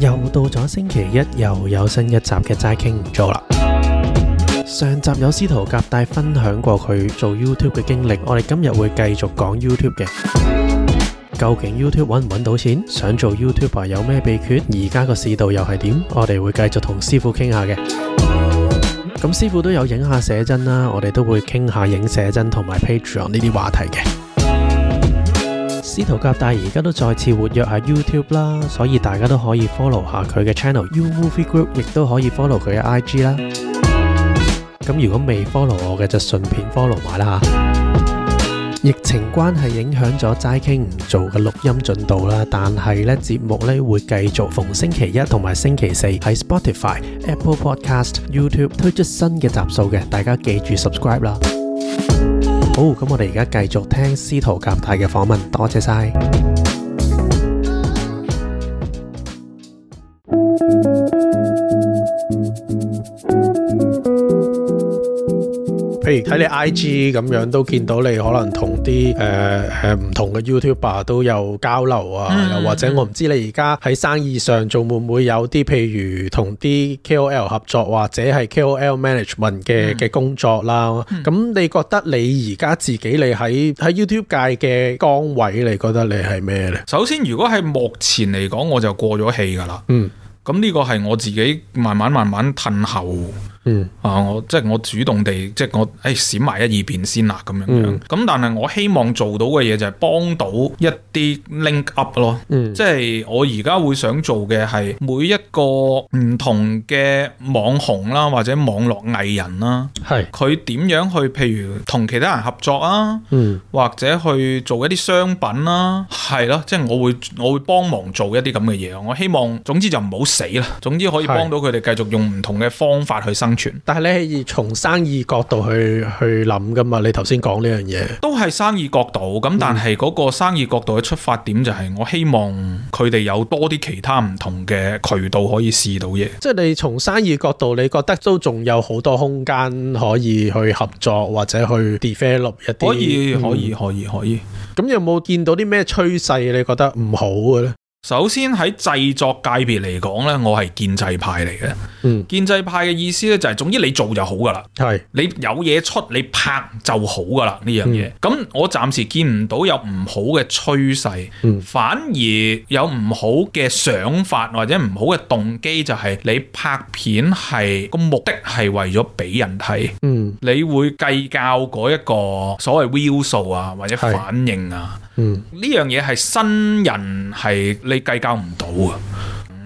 又到咗星期一，又有新一集嘅齋傾唔做啦。上集有司徒夾帶分享過佢做 YouTube 嘅經歷，我哋今日會繼續講 YouTube 嘅。究竟 YouTube 揾唔揾到錢？想做 YouTuber 有咩秘訣？而家個市道又係點？我哋會繼續同師傅傾下嘅。咁師傅都有影下寫真啦，我哋都會傾下影寫真同埋 Patreon 呢啲話題嘅。司徒夾帶而家都再次活躍下 YouTube 啦，所以大家都可以 follow 下佢嘅 channel。U Movie Group 亦都可以 follow 佢嘅 IG 啦。咁如果未 follow 我嘅，就順便 follow 埋啦嚇。疫情關係影響咗齋傾唔做嘅錄音進度啦，但係咧節目咧會繼續逢星期一同埋星期四喺 Spotify、Sp ify, Apple Podcast、YouTube 推出新嘅集數嘅，大家記住 subscribe 啦。好，咁我哋而家繼續聽司徒夾帶嘅訪問，多謝晒。睇你 IG 咁樣都見到你可能、呃、同啲誒唔同嘅 YouTuber 都有交流啊，嗯、又或者我唔知你而家喺生意上仲會唔會有啲譬如同啲 KOL 合作，或者係 KOL management 嘅嘅、嗯、工作啦。咁、嗯、你覺得你而家自己你喺喺 YouTube 界嘅崗位，你覺得你係咩呢？首先，如果係目前嚟講，我就過咗氣㗎啦。嗯，咁呢個係我自己慢慢慢慢褪後。嗯，啊，我即係我主動地，即係我誒，閃、哎、埋一二遍先啦，咁樣樣。咁、嗯、但係我希望做到嘅嘢就係幫到一啲 link up 咯，即係、嗯、我而家會想做嘅係每一個唔同嘅網紅啦，或者網絡藝人啦，係佢點樣去，譬如同其他人合作啊，嗯，或者去做一啲商品啦、啊，係咯，即係我會我會幫忙做一啲咁嘅嘢。我希望，總之就唔好死啦，總之可以幫到佢哋繼續用唔同嘅方法去生。但係你係從生意角度去去諗噶嘛？你頭先講呢樣嘢，都係生意角度咁，但係嗰個生意角度嘅出發點就係我希望佢哋有多啲其他唔同嘅渠道可以試到嘢。即係你從生意角度，你覺得都仲有好多空間可以去合作或者去 develop 一啲。可以可以可以可以。咁有冇見到啲咩趨勢你覺得唔好嘅呢？首先喺製作界別嚟講呢，我係建制派嚟嘅。嗯，建制派嘅意思呢，就係、是，總之你做就好噶啦。係是你有嘢出，你拍就好噶啦呢樣嘢。咁我暫時見唔到有唔好嘅趨勢。嗯，反而有唔好嘅想法或者唔好嘅動機，就係你拍片係個目的係為咗俾人睇。嗯，你會計較嗰一個所謂 view 數啊，或者反應啊。嗯，呢樣嘢係新人係你計較唔到嘅，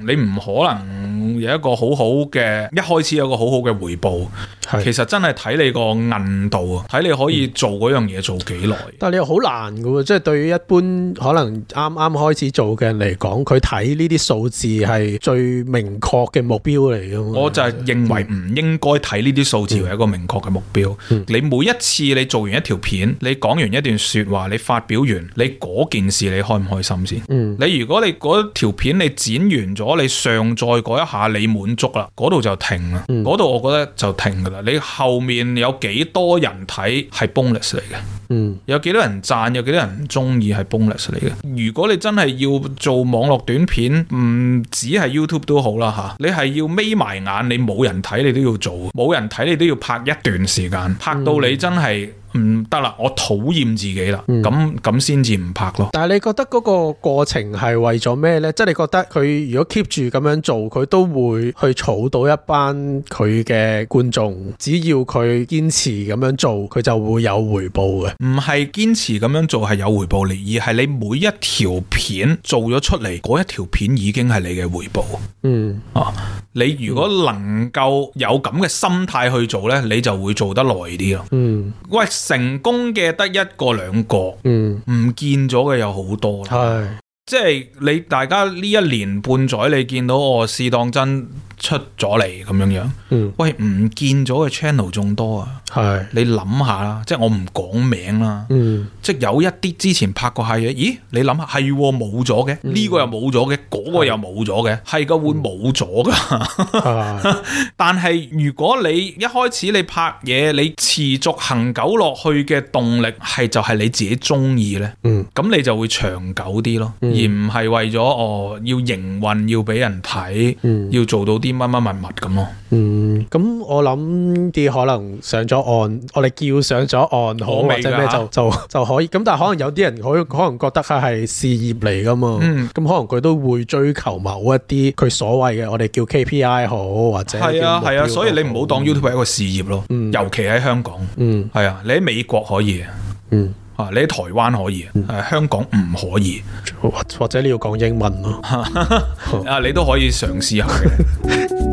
你唔可能有一個好好嘅，一開始有一個好好嘅回報。是其實真係睇你個韌度啊，睇你可以做嗰樣嘢做幾耐，嗯。但係你又好難噶，即、就、係、是、對於一般可能啱啱開始做嘅人嚟講，佢睇呢啲數字係最明確嘅目標嚟噶。我就係認為唔應該睇呢啲數字為一個明確嘅目標。嗯、你每一次你做完一條片，你講完一段說話，你發表完，你嗰件事你開唔開心先？嗯、你如果你嗰條片你剪完咗，你上載嗰一下你滿足啦，嗰度就停啦。嗰度我覺得就停噶啦。你後面有幾多人睇係 bonus 嚟嘅。嗯，有幾多人讚，有幾多人唔中意係 bonus 嚟嘅。如果你真係要做網絡短片，唔止係 YouTube 都好啦嚇。你係要眯埋眼，你冇人睇，你都要做；冇人睇，你都要拍一段時間，拍到你真係唔。嗯嗯唔得啦，我討厭自己啦，咁咁先至唔拍咯。但係你覺得嗰個過程係為咗咩呢？即係你覺得佢如果 keep 住咁樣做，佢都會去儲到一班佢嘅觀眾。只要佢堅持咁樣做，佢就會有回報嘅。唔係堅持咁樣做係有回報你，而係你每一條片做咗出嚟，嗰一條片已經係你嘅回報。嗯，啊，你如果能夠有咁嘅心態去做呢，你就會做得耐啲咯。嗯，喂，成。公嘅得一個兩個，嗯，唔見咗嘅有好多，係唉即係你大家呢一年半載，你見到我試當真。出咗嚟咁樣樣，嗯、喂唔見咗嘅 channel 仲多啊。是你諗下啦，即係我唔講名啦，嗯、即係有一啲之前拍過下嘢，咦你諗下係冇咗嘅，呢、哦嗯、個又冇咗嘅，嗰、嗰個又冇咗嘅，係個是會冇咗噶嗯、 但係如果你一開始你拍嘢，你持續恒久落去嘅動力係就係你自己中意咧，咁、嗯、你就會長久啲咯，嗯、而唔係為咗我、呃、要營運要俾人睇，嗯、要做到啲。啲乜乜物物咁咯，嗯，咁我諗啲可能上咗岸，我哋叫上咗岸好或者咩就就就可以，咁但係可能有啲人可可能覺得係事業嚟噶嘛，咁可能佢都會追求某一啲佢所謂嘅我哋叫 KPI 好或者係啊係啊，所以你唔好當 YouTube 係一個事業咯，尤其喺香港，嗯，係啊，你喺美國可以，嗯。嗯嗯。啊！你喺台灣可以，喺、嗯啊、香港唔可以，或者你要講英文咯、啊。啊，好啊，你都可以嘗試下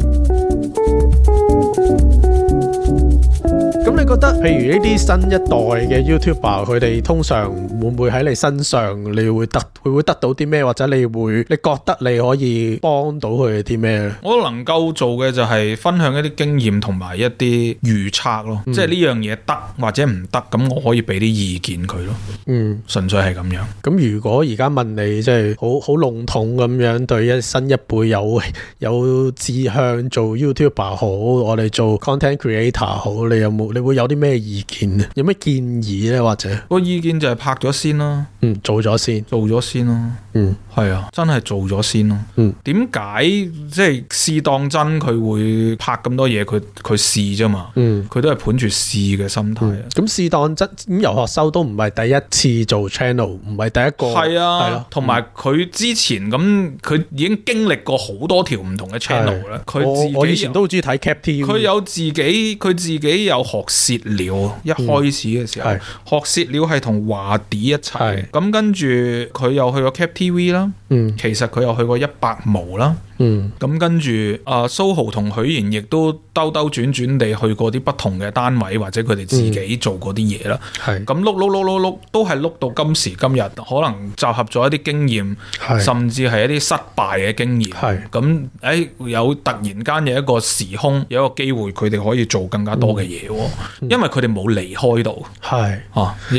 咁你覺得，譬如呢啲新一代嘅 YouTuber，佢哋通常會唔會喺你身上，你會得，會會得到啲咩？或者你會，你覺得你可以幫到佢啲咩呢？我能夠做嘅就係分享一啲經驗同埋一啲預測咯，嗯、即係呢樣嘢得或者唔得，咁我可以俾啲意見佢咯。嗯，純粹係咁樣。咁如果而家問你，即係好好籠統咁樣對一新一輩有有志向做 YouTuber 好，我哋做 content creator 好，你有冇？你會有啲咩意見呢？有咩建議呢？或者個意見就係拍咗先啦、啊。嗯，做咗先，做咗先咯、啊。嗯，係啊，真係做咗先咯、啊。嗯，點解即係試當真佢會拍咁多嘢？佢佢試啫嘛。嗯，佢都係盤住試嘅心態。咁試當真咁遊學收都唔係第一次做 channel，唔係第一個。係啊，係咯。同埋佢之前咁，佢、嗯、已經經歷過好多條唔同嘅 channel 啦。佢、啊、我以前都好中意睇 captain。佢有自己，佢自己有學學涉料一開始嘅時候，嗯、是學涉料係同華帝一齊，咁是跟住佢又去咗 Cap TV 啦，嗯、其實佢又去過一百毛啦。嗯，咁跟住阿蘇豪同許賢亦都兜兜轉轉地去過啲不同嘅單位，或者佢哋自己做過啲嘢啦。係、嗯，咁碌碌碌碌碌，都係碌到今時今日，可能集合咗一啲經驗，是甚至係一啲失敗嘅經驗。係是，咁誒、嗯，有突然間有一個時空，有一個機會，佢哋可以做更加多嘅嘢。嗯、因為佢哋冇離開到，係是，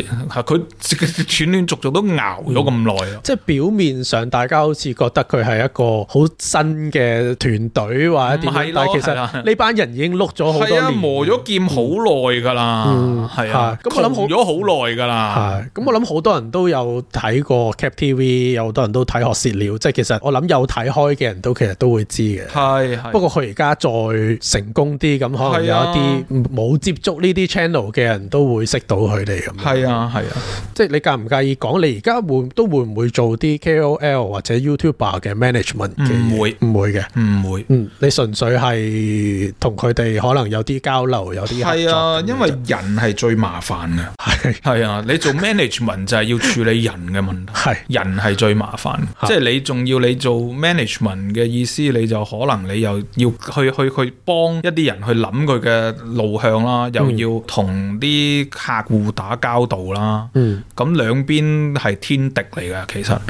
吓係佢斷斷續續都熬咗咁耐啊，即係表面上，大家好似覺得佢係一個好新。嘅團隊或一點，但其實呢班人已經碌咗好多年，磨咗劍好耐㗎啦。係啊，咁我諗咗好耐㗎啦。咁我諗好多人都有睇過 Cap TV，有好多人都睇學舌鳥，即係其實我諗有睇開嘅人都其實都會知嘅。係，不過佢而家再成功啲，咁可能有一啲冇接觸呢啲 channel 嘅人都會識到佢哋咁。係啊，係啊，即係你介唔介意講？你而家會都會唔會做啲 KOL 或者 YouTuber 嘅 management？嘅唔會嘅，唔會，嗯，你純粹係同佢哋可能有啲交流，有啲係啊，樣因為人係最麻煩嘅，係係 啊，你做 management 就係要處理人嘅問題，係是人係最麻煩嘅，是即係你仲要你做 management 嘅意思，你就可能你又要去去去幫一啲人去諗佢嘅路向啦，又要同啲客戶打交道啦，嗯，咁兩邊係天敵嚟噶，其實，咁、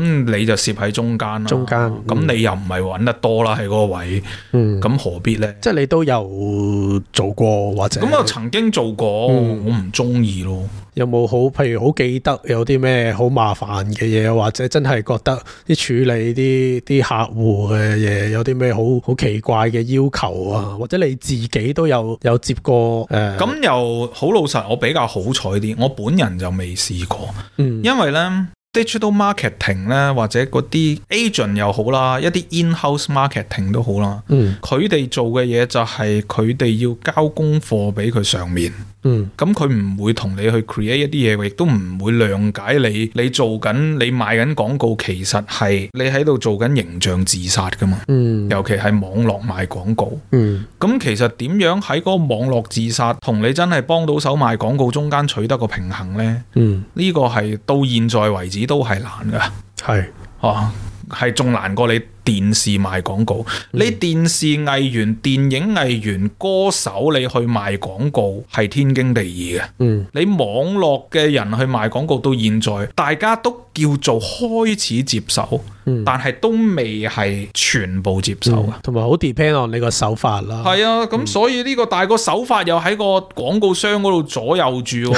嗯、你就攝喺中間啦，中間，咁間你又。又唔係揾得多啦，喺嗰個位，嗯，咁何必呢？即係你都有做過或者咁我曾經做過，嗯、我唔中意咯。有冇好？譬如好記得有啲咩好麻煩嘅嘢，或者真係覺得啲處理啲啲客戶嘅嘢有啲咩好好奇怪嘅要求啊？或者你自己都有有接過誒？咁、呃、又好老實，我比較好彩啲，我本人就未試過，嗯，因為呢。digital marketing 咧，或者嗰啲 agent 又好啦，一啲 in-house marketing 都好啦。嗯，佢哋做嘅嘢就係佢哋要交功課俾佢上面。嗯，咁佢唔會同你去 create 一啲嘢，亦都唔會諒解你。你做緊你賣緊廣告，其實係你喺度做緊形象自殺噶嘛。嗯，尤其係網絡賣廣告。嗯，咁其實點樣喺個網絡自殺同你真係幫到手賣廣告中間取得個平衡咧？嗯，呢個係到現在為止，都係難噶，係是哦，係仲難過你。電視賣廣告，你電視藝員、嗯、電影藝員、歌手，你去賣廣告係天經地義嘅。嗯，你網絡嘅人去賣廣告，到現在大家都叫做開始接受、嗯、但係都未係全部接受、嗯、而且很手啊。同埋好 depend on 你個手法啦。係啊，咁所以呢、這個但係個手法又喺個廣告商嗰度左右住。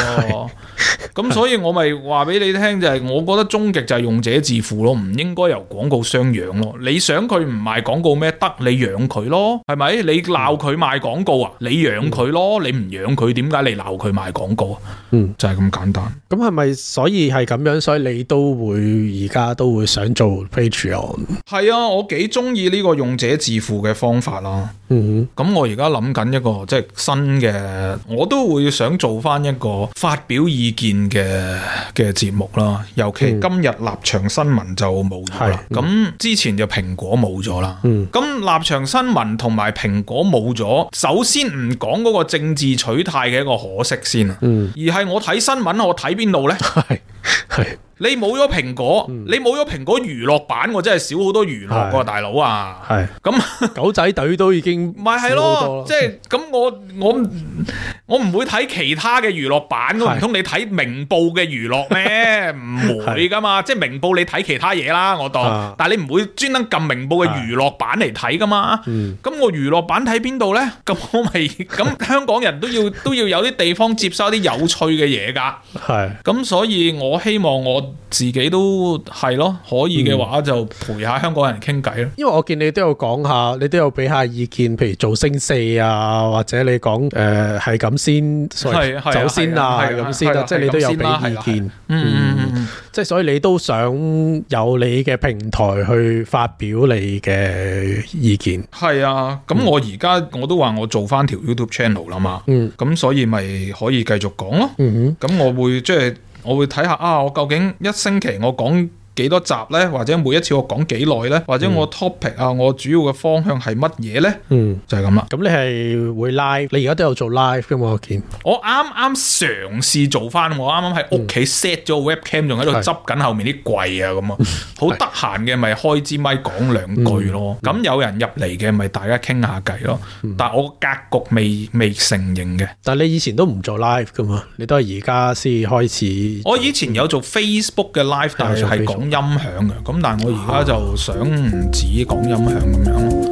咁是所以我咪話俾你聽就係，我覺得終極就係用者自付咯，唔應該由廣告商養咯。你。你想佢唔賣廣告咩？得你養佢咯，係咪？你鬧佢賣廣告啊？你養佢咯，你唔養佢，點解你鬧佢賣廣告？嗯，就係咁簡單。咁係咪所以係咁樣？所以你都會而家都會想做 Patreon？係啊，我幾中意呢個用者自付嘅方法啦。嗯哼，咁我而家諗緊一個即係新嘅，我都會想做翻一個發表意見嘅嘅節目啦。尤其今日立場新聞就冇咗啦。咁、嗯、之前就平蘋果冇咗啦，咁立場新聞同埋蘋果冇咗，首先唔講嗰個政治取態嘅一個可惜先，而係我睇新聞，我睇邊度呢？係係。你冇咗蘋果，你冇咗蘋果娛樂版，我真係少好多娛樂喎，大佬啊！係咁，狗仔隊都已經咪係咯，即係咁我我我唔會睇其他嘅娛樂版，唔通你睇明報嘅娛樂咩？唔會噶嘛，即係明報你睇其他嘢啦，我當，但係你唔會專登撳明報嘅娛樂版嚟睇噶嘛。咁我娛樂版睇邊度咧？咁我咪咁香港人都要都要有啲地方接收啲有趣嘅嘢㗎。係咁，所以我希望我。自己都係咯，可以嘅話就陪下香港人傾偈咯。因為我見你都有講下，你都有俾下意見，譬如造星四啊，或者你講誒係咁先，所以係走先啊，係咁先，即係你都有俾意見。嗯，嗯，即係所以你都想有你嘅平台去發表你嘅意見。係啊，咁我而家、嗯、我都話我做翻條 YouTube channel 啦嘛。嗯，咁所以咪可以繼續講咯。嗯哼，咁我會即係。就是我會睇下啊，我究竟一星期我講幾多集呢？或者每一次我講幾耐呢？或者我 topic 啊，我主要嘅方向係乜嘢呢嗯就嗯？嗯，就係咁啦。咁你係會 live？你而家都有做 live 冇我見。我啱啱嘗試做翻，我啱啱喺屋企 set 咗 webcam，仲喺度執緊後面啲櫃啊，咁啊，好得閒嘅咪開支麥講兩句咯。咁、嗯、有人入嚟嘅咪大家傾下偈咯。嗯、但係我個格局未未成型嘅。但係你以前都唔做 live 噶嘛？你都係而家先開始。我以前有做 Facebook 嘅 live，、嗯、但係係講。音響嘅，咁但係我而家就想唔止講音響咁樣咯。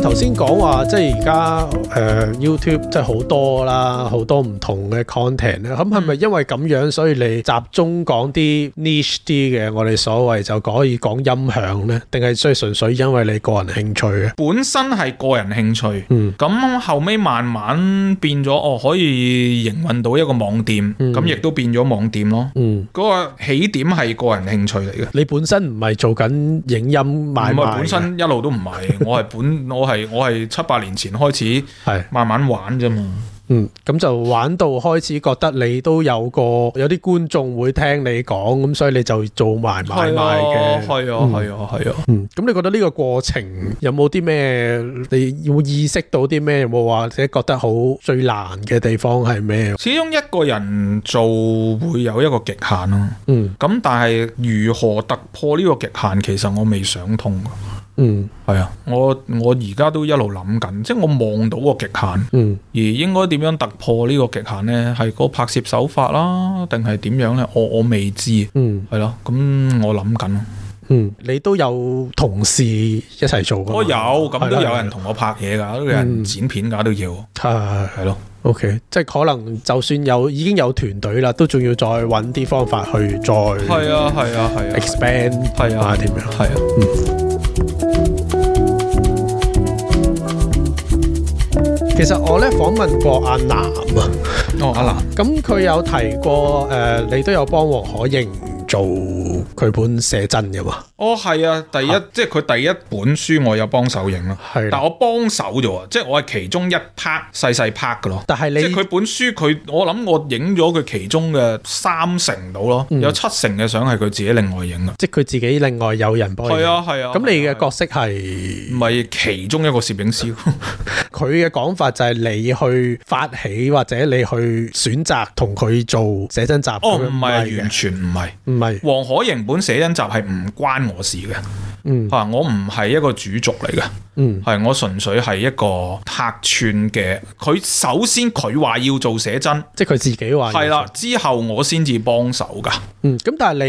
頭先講話，即係而家誒 YouTube 即係好多啦，好多唔同嘅 content 咧。咁係咪因為咁樣，所以你集中講啲 niche 啲嘅？我哋所謂就可以講音響咧，定係即係純粹因為你個人興趣嘅？本身係個人興趣，嗯。咁後尾慢慢變咗，哦，可以營運到一個網店，咁亦都變咗網店咯，嗯。嗰個起點係個人興趣嚟嘅。你本身唔係做緊影音買賣，唔係本身一路都唔係，我係本我。係我係七八年前開始，係慢慢玩啫嘛。嗯，咁就玩到開始覺得你都有個有啲觀眾會聽你講，咁所以你就做埋買賣嘅？係啊，係啊，係啊。嗯，咁、啊啊嗯、你覺得呢個過程有冇啲咩？你要意識到啲咩？有冇或者覺得好最難嘅地方係咩？始終一個人做會有一個極限咯。嗯，咁但係如何突破呢個極限？其實我未想通。嗯，係啊，我我而家都一路諗緊，即係我望到個極限，嗯，而應該點樣突破呢個極限呢，係個拍攝手法啦，定係點樣呢？我我未知，嗯，係咯，咁我諗緊嗯，你都有同事一齊做噶？我有，咁都有人同我拍嘢噶，都有人剪片噶，都要，係係係，係咯，OK，即係可能就算有已經有團隊啦，都仲要再搵啲方法去再，係啊係啊係啊，expand 係啊點樣，係啊，嗯。其實我呢訪問過阿南、哦、 啊，哦阿南，咁佢有提過、呃、你都有幫黃可瑩做佢本寫真嘅嘛？哦，係啊，第一哈即係佢第一本書，我有幫手影咯。係的但我幫手咗啊，即係我係其中一 part 細細 part 嘅咯。但係你即係佢本書，佢我諗我影咗佢其中嘅三成到咯，嗯、有七成嘅相係佢自己另外影啊，即係佢自己另外有人幫影。係啊係啊。咁你嘅角色係唔係其中一個攝影師？佢嘅講法就係你去發起或者你去選擇同佢做寫真集。唔係、哦，唔係唔係完全唔係唔係。黃是可盈本寫真集係唔關。我事嘅，嗯，啊，我唔係一個主軸嚟嘅，嗯，係我純粹係一個客串嘅。佢首先佢話要做寫真，即係佢自己話要做，係啦，之後我先至幫手噶，嗯，咁但係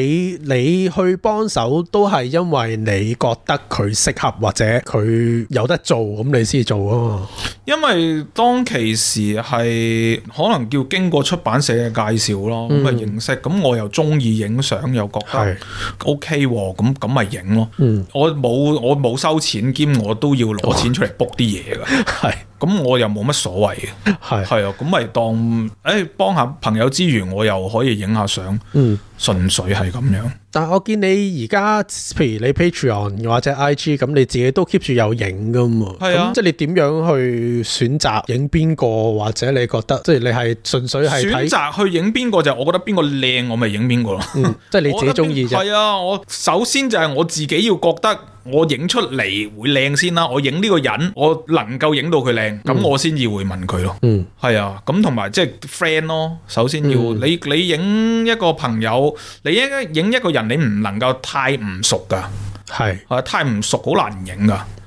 你你去幫手都係因為你覺得佢適合或者佢有得做，咁你先至做啊嘛。因為當其時係可能叫經過出版社嘅介紹咯，咁啊認識，咁、嗯、我又中意影相又覺得 OK 喎，咁咁咪影咯。我冇我冇收錢兼我都要攞錢出嚟 book 啲嘢噶，係咁、哦、我又冇乜所謂嘅，係係是啊，咁咪當誒幫、欸、下朋友之餘，我又可以影下相。嗯純粹係咁樣，但係我見你而家，譬如你 Patreon 或者 IG 咁，你自己都 keep 住有影噶嘛？係啊，即係你點樣去選擇影邊個，或者你覺得即係你係純粹係選擇去影邊個就？我覺得邊個靚我咪影邊個咯，即係你自己中意。係啊，我首先就係我自己要覺得我影出嚟會靚先啦。我影呢個人，我能夠影到佢靚，咁、嗯、我先至會問佢咯。嗯，係啊，咁同埋即係 friend 咯，首先要、嗯、你你影一個朋友。你應該影一個人，你唔能夠太唔熟㗎，係是，啊太唔熟好難影㗎。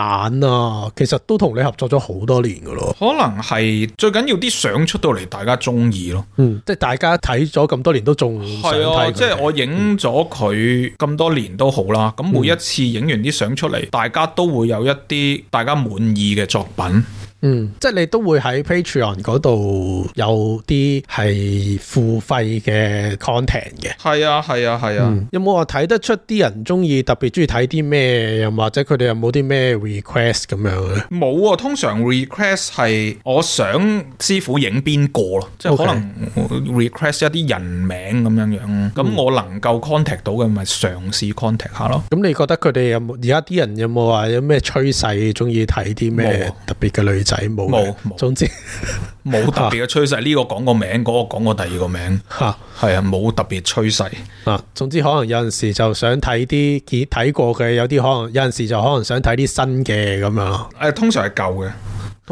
眼啊，其實都同你合作咗好多年噶咯，可能係最緊要啲相出到嚟，大家中意咯。嗯，即係大家睇咗咁多年都中意係啊，嗯、即係我影咗佢咁多年都好啦。咁每一次影完啲相出嚟，大家都會有一啲大家滿意嘅作品。嗯，即係你都會喺 Patreon 度有啲係付費嘅 content 嘅。係啊，係啊，係啊。嗯、有冇話睇得出啲人中意特別中意睇啲咩？又或者佢哋有冇啲咩 request 咁樣？冇啊，通常 request 係我想師傅影邊個咯，Okay. 即係可能 request 一啲人名咁樣樣。咁、嗯、我能夠 contact 到嘅咪嘗試 contact 下咯。咁、嗯、你覺得佢哋有冇而家啲人有冇話有咩趨勢中意睇啲咩特別嘅類？仔冇，冇。總之冇特別嘅趨勢。呢、啊、個講個名，嗰、那個講個第二個名吓，係啊，冇特別趨勢啊。總之可能有陣時就想睇啲結睇過嘅，有啲可能有陣時就可能想睇啲新嘅咁樣。誒、啊，通常係舊嘅。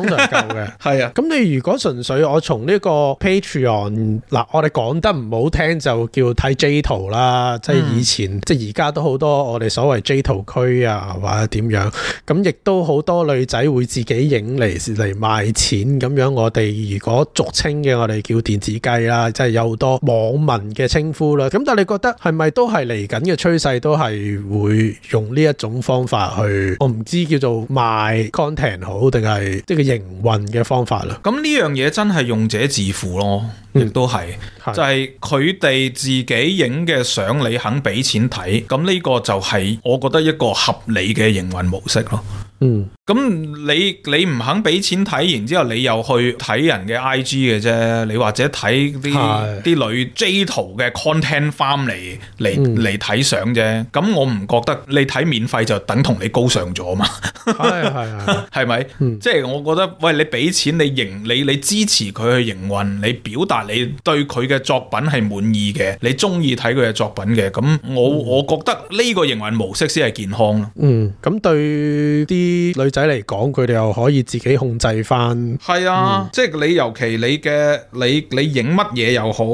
通常夠嘅， 係啊。咁你如果純粹我從呢個 Patreon 嗱，我哋講得唔好聽就叫睇 J 圖啦，即係、嗯、以前即係而家都好多我哋所謂 J 圖區啊，或者點樣。咁亦都好多女仔會自己影嚟嚟賣錢，咁樣我哋如果俗稱嘅我哋叫電子雞啦，即係有好多網民嘅稱呼啦。咁但你覺得係咪都係嚟緊嘅趨勢都係會用呢一種方法去？我唔知叫做賣 content 好定係即係。營運嘅方法啦，咁呢樣嘢真係用者自付咯，亦都係，是的就係佢哋自己影嘅相，你肯俾錢睇，咁呢個就係我覺得一個合理嘅營運模式咯，嗯。咁你你唔肯俾錢睇，然之後你又去睇人嘅 I.G 嘅啫，你或者睇啲啲女 J 圖嘅 content farm 嚟嚟嚟睇相啫。咁、嗯、我唔覺得你睇免費就等同你高尚咗啊嘛？係係係咪？吧嗯、即係我覺得，喂，你俾錢，你營你你支持佢去營運，你表達你對佢嘅作品係滿意嘅，你中意睇佢嘅作品嘅。咁我、嗯、我覺得呢個營運模式先係健康咯。嗯，咁對啲女仔。仔嚟講，佢哋又可以自己控制翻。係啊，嗯、即係你尤其你嘅你你影乜嘢又好，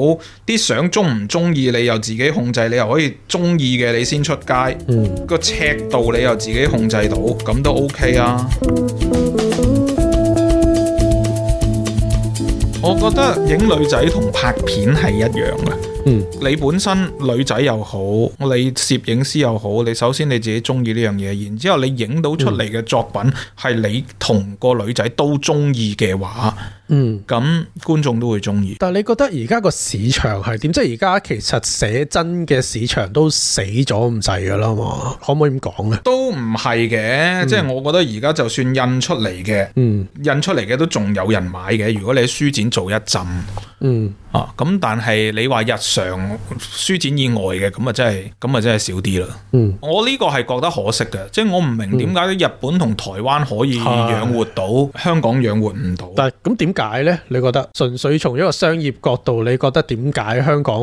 啲相中唔中意你又自己控制，你又可以中意嘅你先出街。個、嗯、尺度你又自己控制到，咁都 OK 啊。嗯、我覺得影女仔同拍片係一樣噶。嗯，你本身女仔又好，你攝影師又好，你首先你自己中意呢樣嘢，然之後你影到出嚟嘅作品係你同個女仔都中意嘅話，嗯，咁觀眾都會中意。但係你覺得而家個市場係點？即係而家其實寫真嘅市場都死咗咁滯噶啦嘛？可唔可以咁講呢？都唔係嘅，嗯，即係我覺得而家就算印出嚟嘅，嗯，印出嚟嘅都仲有人買嘅。如果你喺書展做一陣，嗯，啊，咁但係你話日常書展以外嘅，咁啊，真係咁啊，真係少啲啦。嗯，我呢個係覺得可惜嘅，即係我唔明點解日本同台灣可以養活到，香港養活唔到。但係咁點解呢？你覺得純粹從一個商業角度，你覺得點解香港？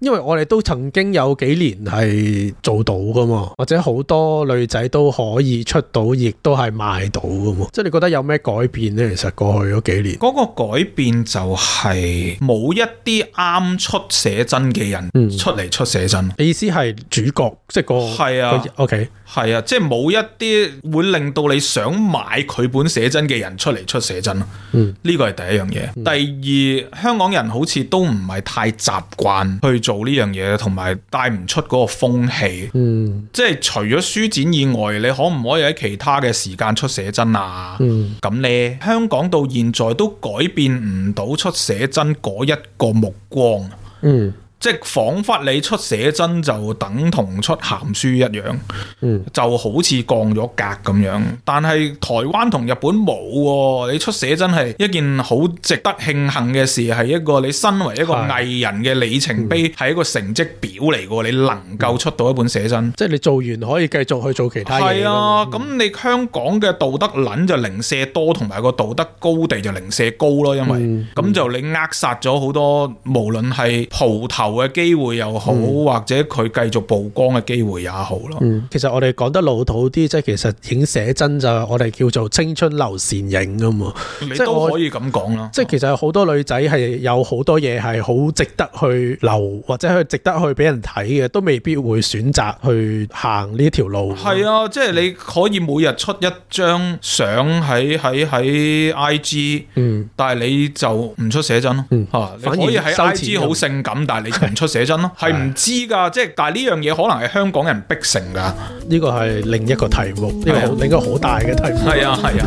因為我哋都曾經有幾年係做到噶嘛，或者好多女仔都可以出到，亦都係賣到噶嘛。即係你覺得有咩改變呢？其實過去嗰幾年，嗰個改變就係冇一啲啱出社。真嘅人出嚟出寫真，嗯、意思係主角即係、嗰個係啊？O K 係啊，即係冇一啲會令到你想買佢本寫真嘅人出嚟出寫真咯。嗯，呢個係第一樣嘢。嗯、第二，香港人好似都唔係太習慣去做呢樣嘢，同埋帶唔出嗰個風氣。嗯，即係除咗書展以外，你可唔可以喺其他嘅時間出寫真啊？咁咧、嗯，咁你香港到現在都改變唔到出寫真嗰一個目光。嗯。即係彷彿你出寫真就等同出鹹書一樣，嗯、就好似降咗格咁樣。但係台灣同日本冇，你出寫真係一件好值得慶幸嘅事，係一個你身為一個藝人嘅里程碑，係、嗯、一個成績表嚟嘅。你能夠出到一本寫真，即係你做完可以繼續去做其他嘢。係啊，咁、嗯、你香港嘅道德撚就零舍多，同埋個道德高地就零舍高咯。因為，咁、嗯嗯、就你扼殺咗好多，無論係鋪頭。嘅機會又好，或者佢繼續曝光嘅機會也好咯、嗯嗯。其實我哋講得老土啲，即係其實影寫真就我哋叫做青春留倩影啊嘛。你都可以咁講咯。即係我其實好多女仔係有好多嘢係好值得去留，嗯、或者係值得去俾人睇嘅，都未必會選擇去行呢條路。係啊、嗯，即係你可以每日出一張相喺喺 IG，嗯、但係你就唔出寫真咯、嗯、你可以喺 IG 好性感，嗯、但係你，唔出寫真咯，係唔知噶，即係的但係呢樣嘢可能係香港人逼成噶，呢個係另一個題目，一個的另一個好大嘅題目。係啊，係啊，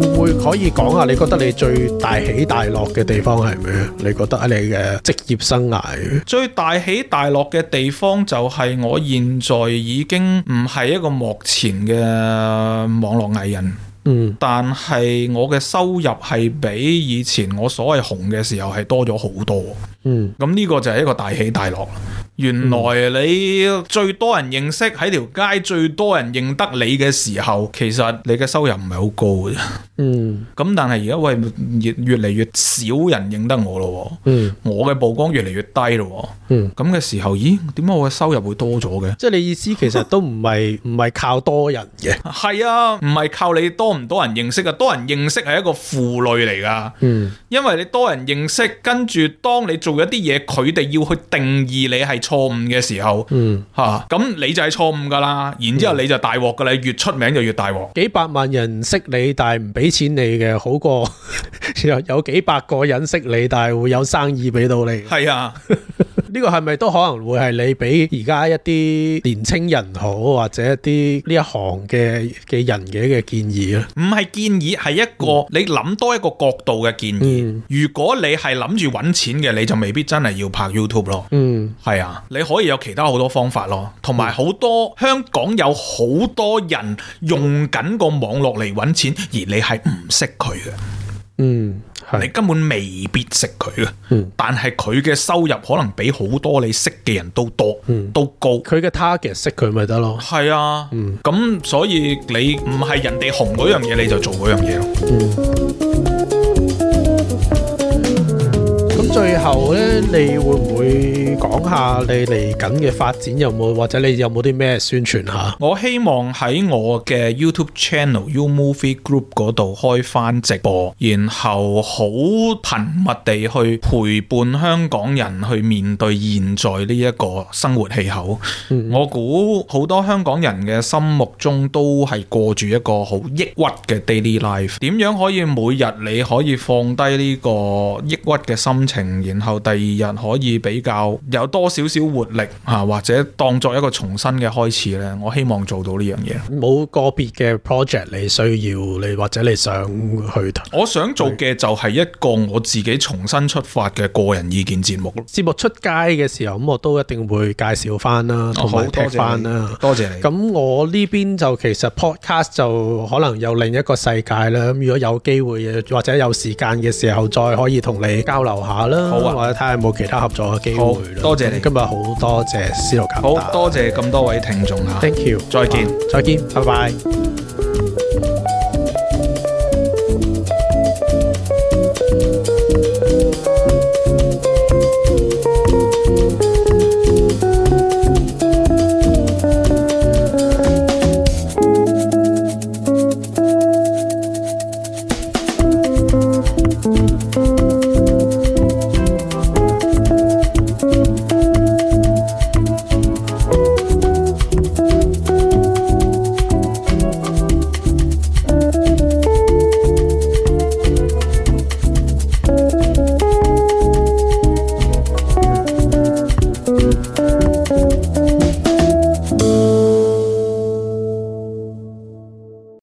會唔會可以講下？你覺得你最大起大落嘅地方係咩？你覺得喺你嘅職業生涯最大起大落嘅地方，就係我現在已經唔係一個幕前嘅網絡藝人。嗯，但係我嘅收入係比以前我所謂紅嘅時候係多咗好多，嗯，咁呢個就係一個大起大落。原來你最多人認識，喺條街最多人認得你嘅時候，其實你嘅收入唔係好高嘅。嗯，咁但係而家喂越越嚟越少人認得我咯。嗯，我嘅曝光越嚟越低咯。嗯，咁嘅時候，咦？點解我嘅收入會多咗嘅？即係你意思，其實都唔係唔係靠多人嘅。係啊，唔係靠你多唔多人認識啊？多人認識係一個負累嚟噶。嗯，因為你多人認識，跟住當你做一啲嘢，佢哋要去定義你係。錯誤嘅時候，嗯吓，咁你就係錯誤噶啦，然之後你就大鑊噶啦，嗯、越出名就越大鑊。幾百萬人識你，但係唔俾錢你嘅，好過有 有幾百個人識你，但係會有生意俾到你。係啊。 呢個係咪都可能會係你俾而家一啲年青人好或者一啲呢一行嘅嘅人嘅嘅建議咧？唔係建議，係一個你諗多一個角度嘅建議。嗯，如果你係諗住揾錢嘅，你就未必真係要拍 YouTube 咯。嗯，係啊，你可以有其他好多方法咯，同埋好多香港有好多人用緊個網絡嚟揾錢，而你係唔識佢嘅。嗯。是你根本未必識佢、嗯、但係佢嘅收入可能比好多你識嘅人都多，嗯、都高。佢嘅 target 識佢咪得咯。係啊，咁、嗯、所以你唔係人哋紅嗰樣嘢，你就做嗰樣嘢咯。嗯。最後咧，你會唔會講下你嚟緊嘅發展有冇，或者你有冇啲咩宣傳吓？我希望喺我嘅 YouTube Channel U you Movie Group 嗰度開翻直播，然後好頻密地去陪伴香港人去面對現在呢一個生活氣候。嗯，我估好多香港人嘅心目中都係過住一個好抑鬱嘅 Daily Life。點樣可以每日你可以放低呢個抑鬱嘅心情？然後第二日可以比較有多少少活力啊，或者當作一個重新嘅開始咧。我希望做到呢樣嘢。冇個別嘅 project 你需要你或者你想去。我想做嘅就係一個我自己重新出發嘅個人意見節目。是節目出街嘅時候咁，我都一定會介紹翻啦，同埋聽返啦。多謝你。咁我呢邊就其實 podcast 就可能有另一個世界啦。咁如果有機會或者有時間嘅時候，再可以同你交流下啦。好啊！我睇下有冇其他合作嘅機會。多謝你，今日好多謝司徒夾帶，好多謝咁多位聽眾啊！Thank you，再見，再見，拜拜。